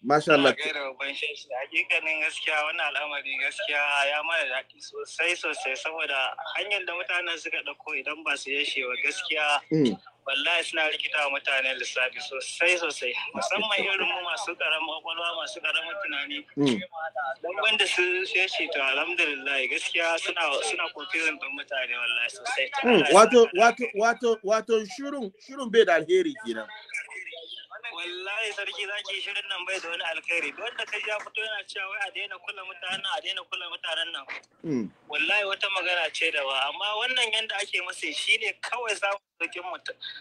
Speaker 1: masha Allah. Ga
Speaker 2: da babban sheshe hakikanin gaskiya wannan al'amari gaskiya ya mara daɗi sosai sosai saboda hanyar da mutanen suka ɗauko idan ba su yashe wa gaskiya mm. wallahi suna rikita wa mutane lissafi sosai sosai musamman irin mu masu karamin kwakwalwa masu karamin tunani hmm. don wanda su ya ce to alhamdulillah gaskiya suna suna confusing din mutane wallahi sosai hmm. wato
Speaker 1: wato wato wato shirin shirin bai da alheri kenan
Speaker 2: wallahi sarki zaki shirin nan bai da wani alkhairi wanda kai ya fito yana cewa wai a daina kula mutanen a daina kula mutanen nan hmm. wallahi wata magana ce da ba amma wannan yanda ake masa ne kawai samun sarkin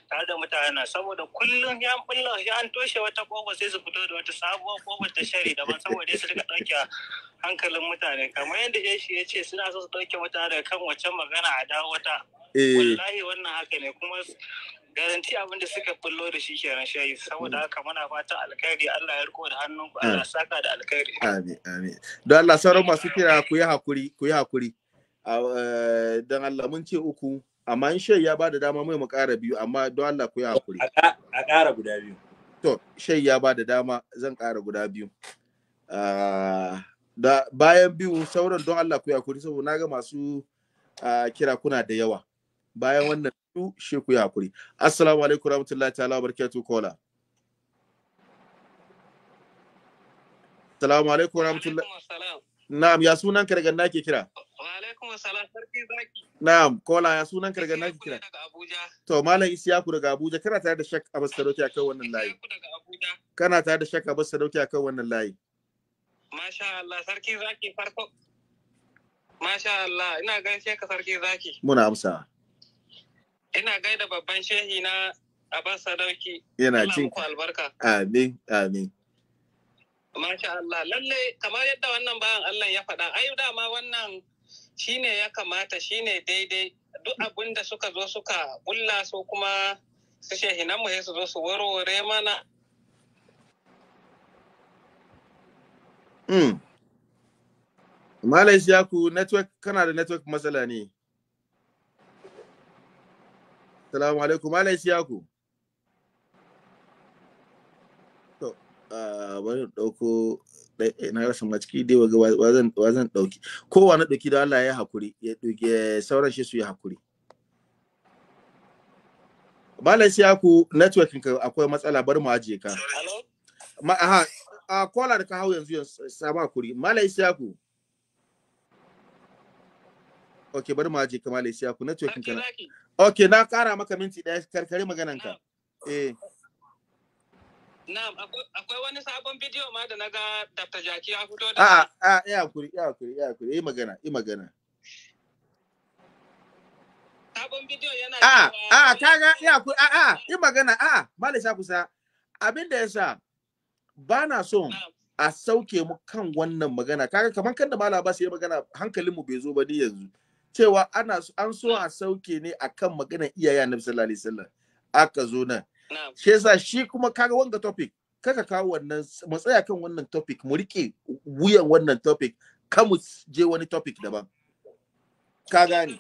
Speaker 2: tare da mutanen saboda kullum ya bulla ya an toshe wata kofa sai su fito da wata sabuwar kofar ta shari daban saboda su rika dauke hankalin mutane kamar yadda ya shi ya ce suna so su dauke mutane kan wacce magana a dawo wata eh. wallahi wannan haka ne kuma garanti abin da suka fullo da shi kenan shayi saboda mm. haka muna fatan alkhairi Allah ya riko da hannun ku mm. Allah saka da alkhairi
Speaker 1: amin amin don Allah sauran masu kira ku yi hakuri ku yi hakuri eh, don Allah mun ce uku amma in shayi ya ba da dama mai mu ƙara biyu amma don Allah ku yi hakuri a ƙara guda biyu to shayi ya ba da dama zan ƙara guda biyu da bayan biyu sauran don Allah ku yi hakuri saboda na ga masu kira kuna da yawa bayan wannan shi ku yi hakuri assalamu alaikum rahmatullahi ta'ala barkatu kola assalamu alaikum rahmatullahi na'am ya sunan ka daga na ke kira
Speaker 2: wa alaikum assalam sarki zaki
Speaker 1: na'am kola ya sunan ka daga na ke kira to malam isiyaku daga abuja kana tare da shak abbas sadauki akan wannan layi kana tare da shak abbas sadauki akan wannan layi
Speaker 2: Masha Allah, Sarki Zaki farko. Masha Allah, ina gaishe ka Sarki Zaki. Muna amsa. Ina gaida babban shehi na Abbas Sadauki. Yana cin albarka.
Speaker 1: Amin, amin.
Speaker 2: Masha Allah, lalle kamar yadda wannan bayan Allah ya faɗa, ai dama wannan shine ya kamata shine daidai duk abin da suka zo suka bulla su kuma su nan mu su zo su warware mana. Mm.
Speaker 1: Malam ku network kana da network matsala ne. Assalamu alaikum, Malam Siyaku. To, bari ɗauko eh, na rasa maciki dai wa wazan ɗauki. Kowa na ɗauki da Allah ya hakuri, ya ɗauki sauran shi su yi hakuri. Malam Siyaku, networking ka akwai matsala bari mu ajiye ka. Ma, aha, a kola da ka hau yanzu yanzu samu hakuri. Malam Siyaku. Ok, bari mu ajiye ka Malam Siyaku, networking ka. Ok, na kara maka minti ɗaya karkari magananka. Eh.
Speaker 2: Na'am, akwai wani sabon bidiyo ma da na ga Dr. Jaki ya fito da A'a,
Speaker 1: a ya kuri, ya kuri, ya kuri, yi magana, yi magana. Sabon bidiyo yana A'a, ta kaga ya kuri, a'a, yi magana, a'a, mali sha kusa. Abin da ya sa ba na so a sauke mu kan wannan magana. Kaga kamar kan da Malam Abbas ya magana hankalinmu bai zo ba ni yanzu. cewa ana an so a sauke ne akan maganar iyaye Annabi sallallahu alaihi wasallam aka zo nan shi yasa shi kuma kaga wanga topic kaka kawo wannan mu tsaya kan wannan topic mu rike wuyan wannan topic ka mu je wani topic daban ka gane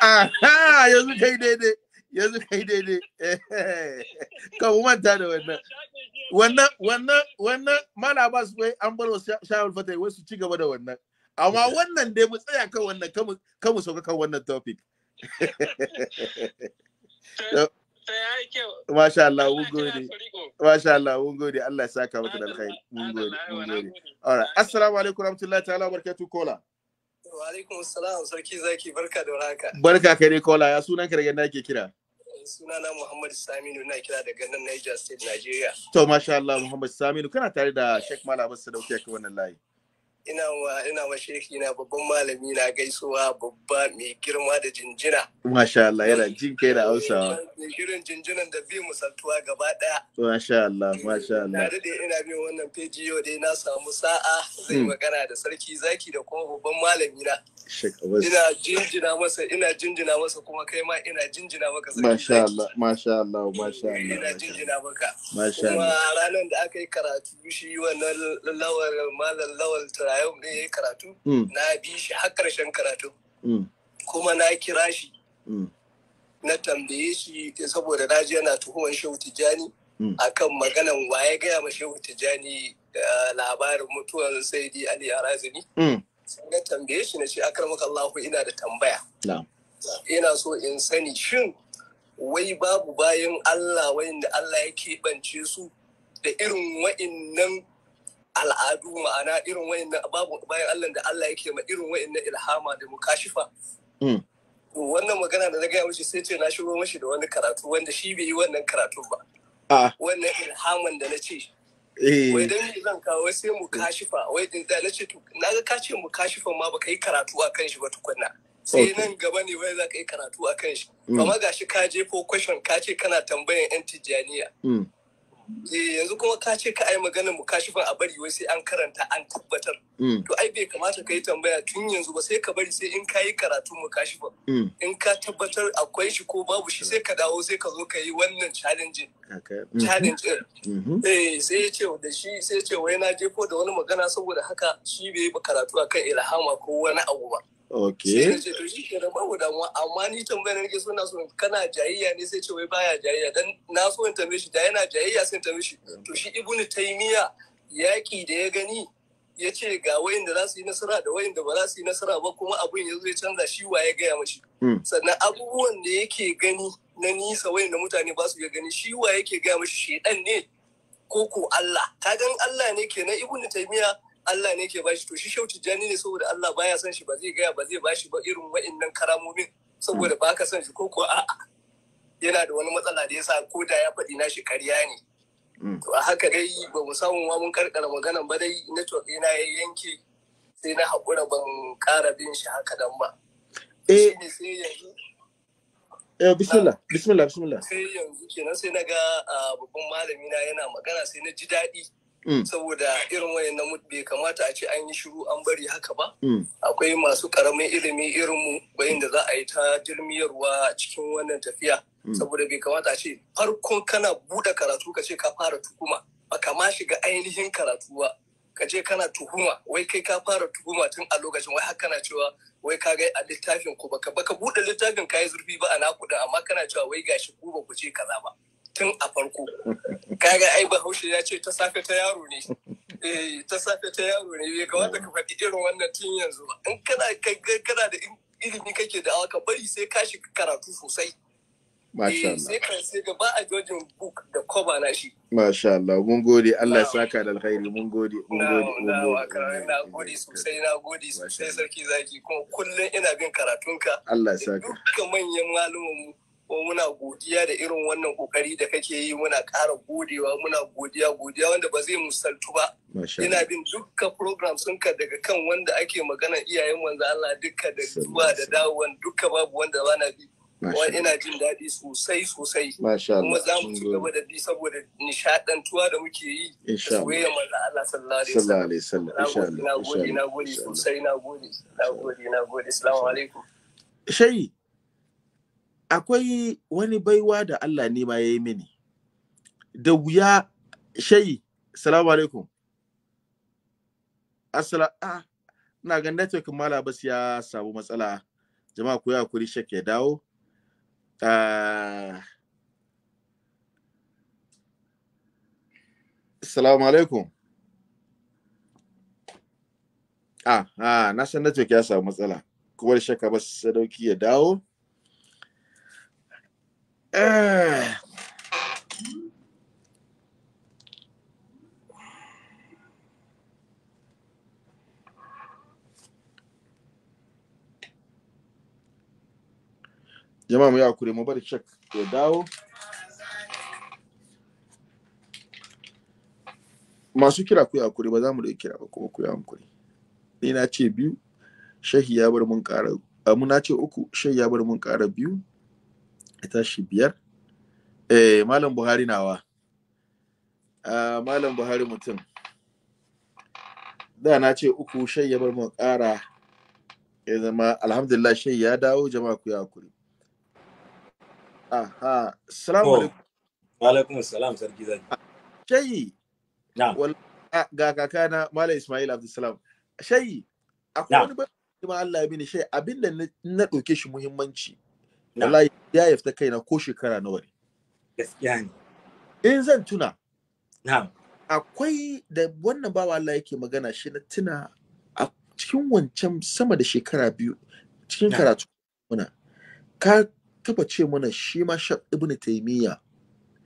Speaker 1: aha yanzu kai daidai yanzu kai daidai eh, kan manta da wannan wannan wannan wannan mala ba su kai an bar wasu shawar fata wai su ci gaba da wannan amma wannan dai mu tsaya kan wannan kan mu sauka kan wannan topic Masha Allah, mun gode. Masha Allah, mun gode. Allah ya saka maka da alkhairi. Mun gode, mun gode. All Assalamu alaikum warahmatullahi ta'ala wa barakatuh kola.
Speaker 4: Wa alaikum salam sarki zaki barka da warhaka. Barka
Speaker 1: ka dai kola ya sunan ka da ganna ke kira.
Speaker 4: Sunana Muhammad Saminu na kira daga nan Niger State Nigeria.
Speaker 1: To masha Allah Muhammad Saminu kana tare da Sheikh Malam Abbas Sadauki wannan layi.
Speaker 4: ina wa ina wa shehi na babban malami na gaisuwa babba mai girma da jinjina
Speaker 1: masha Allah yana jin kai da Hausawa
Speaker 4: shirin jinjinan da bi musaltuwa gaba daya
Speaker 1: masha Allah masha Allah na dade
Speaker 4: ina bi wannan page yau dai na samu sa'a zai hmm. magana da sarki zaki da kuma babban malami na ina jinjina masa ina jinjina masa kuma kai ma ina jinjina maka sarki masha
Speaker 1: Allah masha Allah masha Allah ina
Speaker 4: jinjina maka masha Allah ranan da aka yi karatu shi wannan lawal malal lawal yau da ya karatu mm. na bi shi har
Speaker 2: karshen karatu mm. kuma na kira shi
Speaker 4: mm. na tambaye shi eh, saboda na ji yana tuhuman shehu tijjani a akan maganan ya gaya ma shehu tijjani eh, labarin mutuwar saidi ali razini sai na tambaye shi na ce karmaka allahu ina da tambaya ina so in sani shin wai babu bayan allah wayanda allah ya keɓance su da irin wa'innan al'adu ma'ana irin wayannan babu bayan Allah da Allah yake ma irin na ilhama da mukashifa mm. wannan magana da na gaya mishi sai ce na shigo mashi da wani karatu wanda shi bai yi wannan karatu ba wannan ilhaman da na ce eh. wai dan me zan kawo sai mu
Speaker 2: wai din da na ce to na ga ka ce mu ma baka yi karatu a kan shi ba tukunna sai nan gaba ne wai za
Speaker 4: ka yi karatu a kan shi mm. amma gashi ka je ko question ka ce kana tambayan yan tijjaniya mm. Eh, yanzu kuma ka ce ka ai maganin mu kashifin a bari wai sai an karanta an tabbatar mm. to ai bai kamata ka yi tambaya tun yanzu ba sai ka bari sai in ka yi karatu mu kashifin mm. in ka tabbatar akwai shi ko babu shi sai ka dawo sai ka zo ka yi wannan challenge
Speaker 1: mm. challenge
Speaker 4: mm-hmm. eh sai ya ce da shi sai ya ce wai na jefo da wani magana saboda haka shi bai yi karatu akan ilhama ko wani abu ba
Speaker 1: Ok. Sai
Speaker 4: to shi kenan babu damuwa amma ni tambayar nake so so kana jayayya ne sai ce wai baya jayayya dan na so in tambaye shi da yana jayayya sai in tambaye shi mm. to shi ibnu taymiya yaki da ya gani ya ce ga wayanda za su yi nasara da wayanda ba za su yi nasara ba kuma abin ya zai canza shi wa ya gaya mashi mm. sannan abubuwan da yake gani na nisa wayanda mutane ba su iya gani shi wa yake gaya mashi shedan ne ko ko Allah kagan Allah ne kenan ibnu taymiya Allah ne ke bashi to shi shau tijjani ne saboda Allah baya son shi ba zai gaya ba zai bashi ba irin wa'innan karamomin saboda ba ka son shi ko ko a'a yana da wani matsala da ya sa ko da ya faɗi na shi karya ne mm. to a haka dai ba mu samu ma mun karkara maganan ba dai to yana ya yanke sai na haƙura ban ƙara bin shi haka dan ba eh sai yanzu
Speaker 1: Eh, bismillah, bismillah,
Speaker 2: bismillah. Sai
Speaker 4: yanzu kenan sai na ga ah, babban malami na yana magana sai na ji daɗi. Mm. saboda irin wayannan bai kamata a ce an yi shiru an bari haka ba mm. akwai masu karamin ilimi irin mu da za a yi ta jirmiyarwa cikin wannan tafiya mm. saboda bai kamata a ce farkon kana buɗe karatu ka ce ka fara tuhuma ba ma shiga ainihin karatu ba ka je kana tuhuma wai kai ka fara tuhuma tun a lokacin wai haka na cewa wai ka ga a littafin ku baka baka buɗe littafin ka yi zurfi ba a nakuɗin amma kana cewa wai gashi ku ba ku je kaza ba tun a farko kaga ai bahaushe ya ce ta safe ta yaro ne eh, ta safe ta yaro ne bai kamata ka faɗi irin wannan tun yanzu in kana kana da ilimi kake da ka bari sai ka shiga karatu sosai eh, sai ka sai ga ba a jojin book da koba na shi
Speaker 1: masha Allah mun gode Allah ya saka da alkhairi mun gode mun gode mun
Speaker 4: gode na gode sosai na gode sosai sarki zaki kuma kullum ina bin karatunka Allah ya saka dukkan manyan malumanmu ko muna godiya da irin wannan
Speaker 2: kokari da kake yi muna ƙara godewa muna godiya godiya wanda ba zai
Speaker 4: musaltu ba ina bin dukka program sunka daga kan wanda ake magana iyayen manzo Allah dukka da zuwa da dawowan dukka babu wanda bana bi wani ina jin daɗi sosai sosai kuma za mu ci gaba da bi saboda nishaɗantuwa da muke yi da soyayya manzo Allah sallallahu alaihi wasallam na gode na gode sosai na gode na gode na gode assalamu alaikum
Speaker 1: shayi akwai wani baiwa da Allah ne ma ya yi mini da wuya shayi salamu alaikum Asala, ah ina ga network mala bas ya samu matsala jama'a ku ya kuri shek ya dawo Salamu alaikum a ah na san network ya samu matsala kuwar shakka bas sadauki ya dawo
Speaker 2: Eh.
Speaker 1: jama mu yi kure mu bari cek ya dawo masu kira ku ya kure ba za mu da kira ba kuma ku yi hakuri ni na ce biyu shahi ya bar mun ƙara mu na ce uku shahi ya bar mun ƙara biyu ita tashi biyar eh malam buhari nawa uh, malam buhari mutum da na ce uku shai ya bar mu ƙara ya zama alhamdulillah shai ya dawo jama'a ku ya kuri
Speaker 3: aha salamu oh, alaikum alaikum salam sarki zaki ah, shai na'am
Speaker 1: ah, ga kakana malam ismail abdulsalam shai akwai wani ba Allah ya bini shai abinda na ɗauke shi muhimmanci wallahi ya yafta kaina ko shekara nawa ne gaskiya ne in zan tuna na'am akwai da wannan bawa Allah yake magana shi na tuna a cikin wancan sama da shekara biyu cikin karatu muna ka taba ce mana shi ma sha ibnu taymiya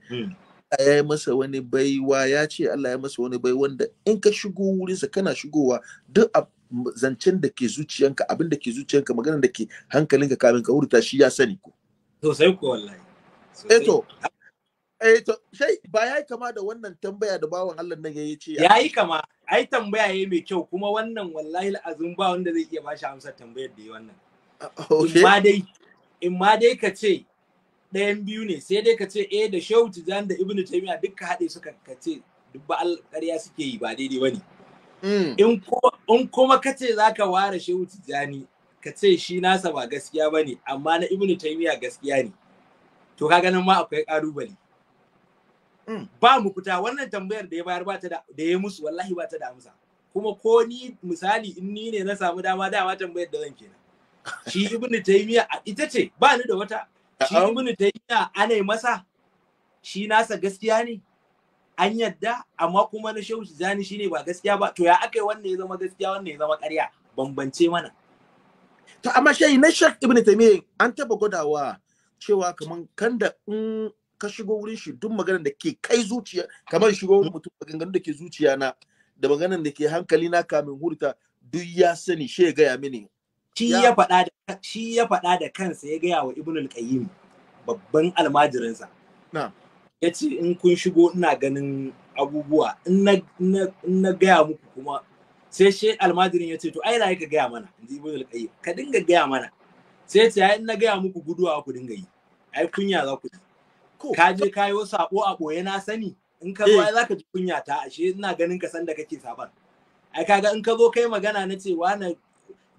Speaker 1: hmm. ya yi masa wani baiwa ya ce Allah ya masa wani bai wanda in ka shigo wurinsa kana shigowa duk zancen da ke zuciyanka abin da ke zuciyanka maganar da ke hankalinka kamin ka hurta shi ya sani ko
Speaker 3: sosai ko wallahi eto eh eto eh sai ba yayi kama da wannan tambaya da bawan Allah nan yayi ce yayi kama ai tambaya yayi mai kyau kuma wannan wallahi azum ba wanda zai iya bashi amsar tambayar da yi wannan ah, oh, in ma dai in ma dai ka ce ɗayan biyu ne sai dai ka ce eh da Shehu zan da Ibnu taymiya duka haɗe suka ka ce duk ba ƙarya suke yi ba daidai bane Mm. in kuma ka ce za ka ware shehu tijjani ka ce shi nasa ba gaskiya ba ne amma na ibnu taimiya gaskiya ne to ka ganin ma akwai ƙalubale mm. ba mu fita wannan tambayar da ya bayar ba ta da ya musu wallahi ba ta da amsa kuma ko ni misali in ni ne na samu dama dama tambayar da zan kenan shi ibnu taymiya ita ce ba ni da wata shi ibnu taymiya ana masa shi nasa gaskiya ne an yadda amma kuma na shehu zani shine ba gaskiya ba to ya aka yi wannan ya zama gaskiya wannan ya zama ƙarya bambance mana
Speaker 1: to amma shehu na shek ibn taymiyyah an taba gwadawa cewa kaman kan da in ka shigo wurin shi duk magana da ke kai zuciya kamar shigo wurin mutum maganganun da ke zuciya na da maganan da ke hankali na kamin hurta duk ya sani shi ya gaya mini
Speaker 3: shi ya faɗa da shi ya faɗa da kansa ya gaya wa ibn al-qayyim babban almajirinsa na'am ya ce in kun shigo ina ganin abubuwa in na gaya muku kuma sai shi almajirin ya ce to ai raye ka gaya mana in ji ibn al-qayyim ka dinga gaya mana sai ya ce ai in na gaya muku guduwa ku dinga yi ai kunya za ku ka je ka yi a boye na sani in ka zo eh. ai za ka ji kunya ta ashe ina ganin ka san da kake saban ai kaga in ka zo kai magana na ce wani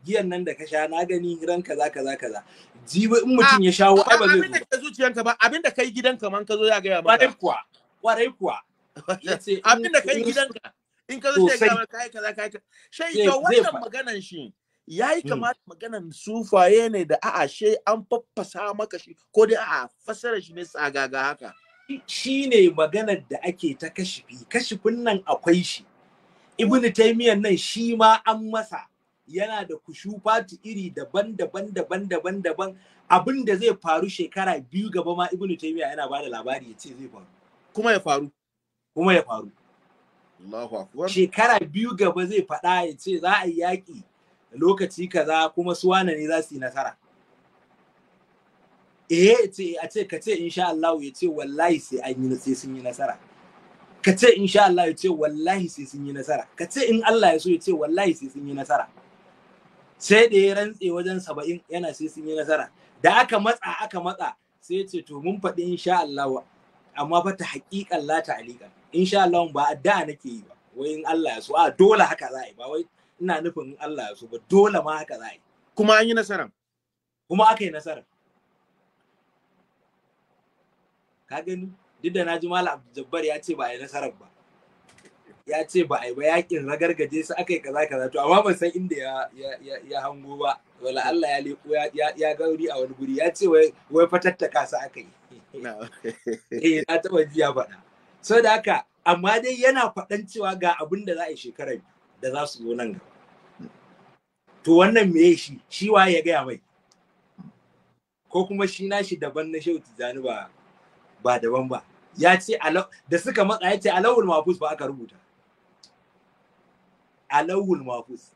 Speaker 3: giyan nan da ka sha na gani ranka za kaza kaza jibi in mutum ah, ya shawo ai ba zai zo zuciyanka ba abinda kai gidanka man ka zo ya gaya maka kuwa kwarai kuwa abinda kai gidanka
Speaker 1: in ka zo ya gaya maka kai kaza kai shi to wannan maganan shi yayi hmm. kamata maganan sufaye ne da a'a she an faffasa maka shi ko dai a'a
Speaker 3: fasara shi ne tsagaga haka shi ne maganar da ake ta kashifi kashifin nan akwai shi ibnu taymiyyah nan shi ma an masa yana da fati iri daban-daban daban-daban daban abin da zai faru shekara biyu gaba ma ibnu taymiya yana bada labari ya ce zai faru kuma ya faru kuma ya faru Allahu akbar shekara biyu gaba zai faɗa ya ce za a yi yaƙi lokaci kaza kuma su wane ne za su yi nasara eh ce a ce ka ce insha Allah ya ce wallahi sai an yi sai sun yi nasara ka ce insha Allah ya ce wallahi sai sun yi nasara ka ce in Allah ya so ya ce wallahi sai sun yi nasara sai da ya rantse wajen saba'in yana sai sun yi nasara da aka matsa aka matsa sai ya ce to mun faɗi insha Allah amma fa ta haƙiƙan la ta'aliƙan insha Allah ba addu'a nake yi ba wai in Allah ya so a dole haka za a yi ba wai ina nufin in Allah ya so ba dole ma haka za a yi kuma an yi nasara kuma aka yi nasara ka gani duk da na ji Malam Jabbar ya ce ba a yi nasarar ba ya ce ba a yi ba yakin ragargaje su aka yi kaza kaza to amma ban san inda ya ya hango ba wala Allah ya leko ya gauri a wani guri ya ce wai wai fatattaka su aka yi eh na taba jiya faɗa so da haka amma dai yana faɗan cewa ga abin da za a yi shekarar da za su zo nan gaba to wannan me shi shi wa ya gaya mai ko kuma shi nashi daban na shehu tijani ba ba daban ba ya ce da suka matsa ya ce alawul mafus ba aka rubuta alawul mafus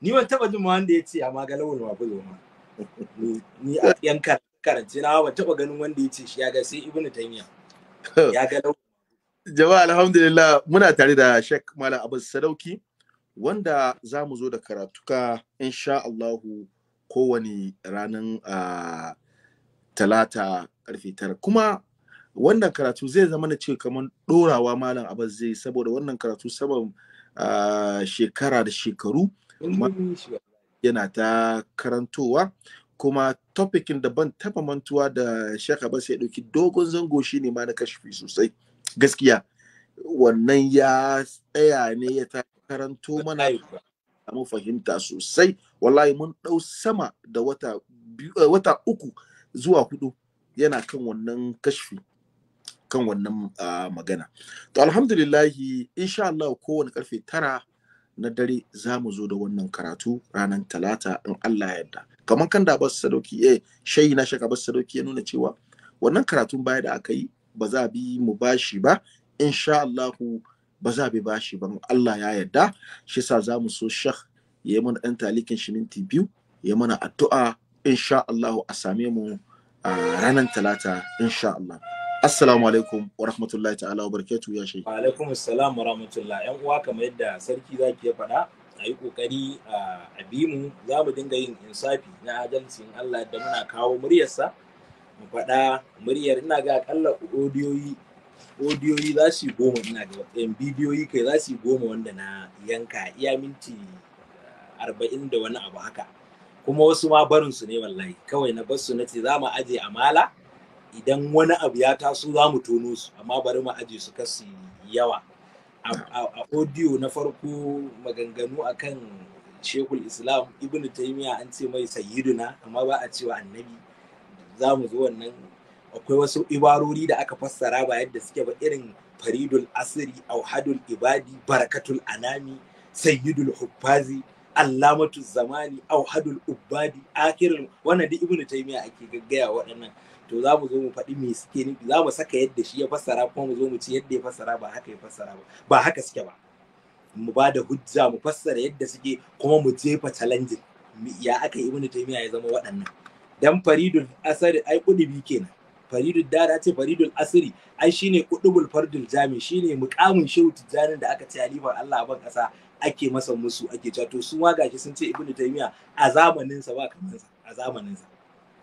Speaker 3: ni ban taba jin wanda ya ce amma ga lawul mafus ma ni a yan karance na ban taba ganin wanda ya ce shi ya ga sai ibnu tanya ya ga lawul
Speaker 1: jama'a alhamdulillah muna tare da shek Malam Abbas Sadauki wanda za mu zo da karatuka insha Allahu kowane ranar talata karfe tara kuma wannan karatu zai zama na ce kamar dorawa malam abbas zai saboda wannan karatu saboda shekara da shekaru yana ta karantowa kuma topikin da ban taba mantuwa da shaka ba sai dauki dogon zango shi ne ma na kashfi sosai gaskiya wannan ya tsaya ne ya ta karanto mana a fahimta sosai wallahi mun dau sama da wata eh, wata uku zuwa hudu yana kan wannan kashfi kan wannan magana to alhamdulillahi insha Allah kowane karfe tara na dare za mu zo da wannan karatu ranan talata in Allah yarda kamar kan da basu sadauki eh shayi na shaka basu sadauki ya nuna cewa wannan karatun baya da aka yi ba za bi mu bashi ba insha Allah ba za bi bashi ba Allah ya yarda shi sa za mu so shekh ya yi mana ɗan talikin shi minti biyu ya mana addu'a insha Allah a same mu a talata insha Allah Assalamu alaikum wa rahmatullahi ta'ala wa barakatuhu ya shi. Wa
Speaker 3: alaikum assalam wa rahmatullahi. Yan uwa kamar yadda sarki zaki ya faɗa a yi ƙoƙari a mu za mu dinga yin insafi na adalci in Allah da muna kawo muryarsa mu faɗa muryar ina ga akalla odiyoyi odiyoyi za su goma ina ga yan bidiyoyi kai za su goma wanda na yanka iya minti eh, arba'in da wani abu haka kuma wasu ma barinsu su ne wallahi kawai na barsu na ce za mu aje amala idan wani abu ya taso za mu tono su amma bari mu aje su kasi yawa a audio na farko maganganu akan shekul islam ibn taimiya an ce mai sayyiduna amma ba a cewa annabi za mu zo wannan akwai wasu ibarori da aka fassara ba yadda suke ba irin faridul asiri auhadul ibadi barakatul anami sayyidul huffazi allamatu zamani auhadul ubadi akirin wannan duk ibnu taimiya ake gaggaya waɗannan to za mu zo mu faɗi me suke nufi za mu saka yadda shi ya fassara kuma mu zo mu ci yadda ya fassara ba haka ya fassara ba ba haka suke ba mu ba da hujja mu fassara yadda suke kuma mu jefa challenging ya aka ibnu taymiya ya zama waɗannan dan faridul asari ai kudubi kenan faridul dara ce faridul asiri ai shine kudubul fardul jami shine mukamin shehu tijjanin da aka ce halifar Allah ban kasa ake masa musu ake cewa to su ma gashi sun ce ibnu taymiya a zamanin ba kamar a zamanin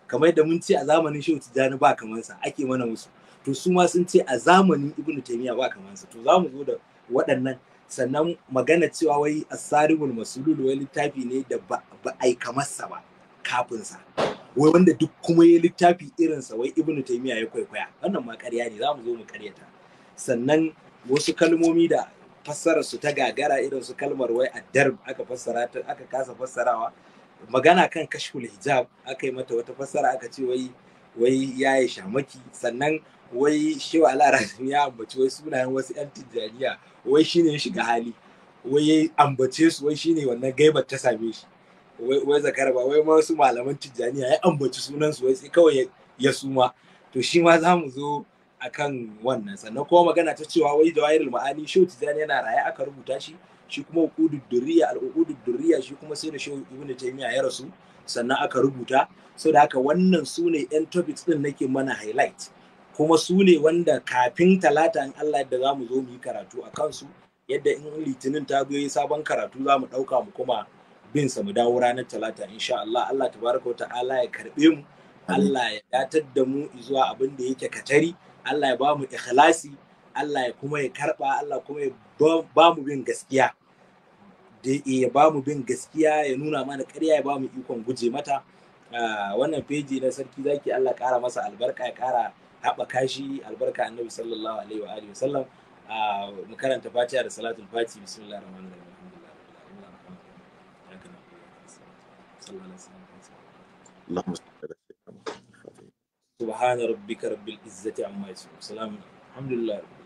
Speaker 3: kamar da mun ce a zamanin shehu tijjani ba kamar sa ake mana musu to su ma sun ce a zamanin ibnu taymiya ba kamar sa to zamu zo da waɗannan sannan magana cewa wai asaribul masulul wai littafi ne da ba ai kamar sa ba kafin sa wai wanda duk kuma ya littafi irin sa wai ibnu taymiya ya kwaikwaya wannan ma ƙarya ne zamu zo mu ƙaryata sannan wasu kalmomi da fassara su ta gagara irin su kalmar wai addarb aka fassara aka kasa fassarawa magana kan kashful hijab aka yi mata wata fassara aka ce wai wai yi shamaki sannan wai shi shewa al'arazmi ya ambaci wai sunayen wasu 'yan tijjaniya wai shine ya shiga hali wai ya ambace su wai shine wannan gaibar ta same shi wai wai zakar ba wai wasu malaman tijjaniya ya ambaci sunan su wai sai kawai ya suma to shi ma za mu zo akan wannan sannan kuma magana ta cewa wai jawahirul ma'ani shi tijjani yana raye aka rubuta shi shi kuma hukudu duriya al duriya shi kuma sai da shehu ibnu taymiya ya rasu sannan aka rubuta Sau da haka wannan su ne yan topics din nake mana highlight kuma su ne wanda kafin talata in Allah yadda za mu zo mu yi karatu a kansu yadda in litinin ta goyi sabon karatu za mu ɗauka mu kuma bin sa mu dawo ranar talata insha Allah Allah tabaraka ta'ala ya karɓe mu Allah ya datar da mu zuwa abin da yake katari Allah ya ba mu ikhlasi Allah ya kuma ya karɓa Allah kuma ya ba mu bin gaskiya da eh, ya ba mu bin gaskiya ya nuna mana ƙarya ya ba mu ikon guje mata ah, wannan feji na sarki zaki Allah ƙara masa albarka ya ƙara haɓaka shi albarka annabi sallallahu alaihi wa alihi wasallam ah, mu karanta fatiha da salatul fati bismillahir rahmanir rahim اللهم صل على
Speaker 2: سيدنا محمد
Speaker 3: سبحان ربك رب العزة عما يصفون سلام الحمد لله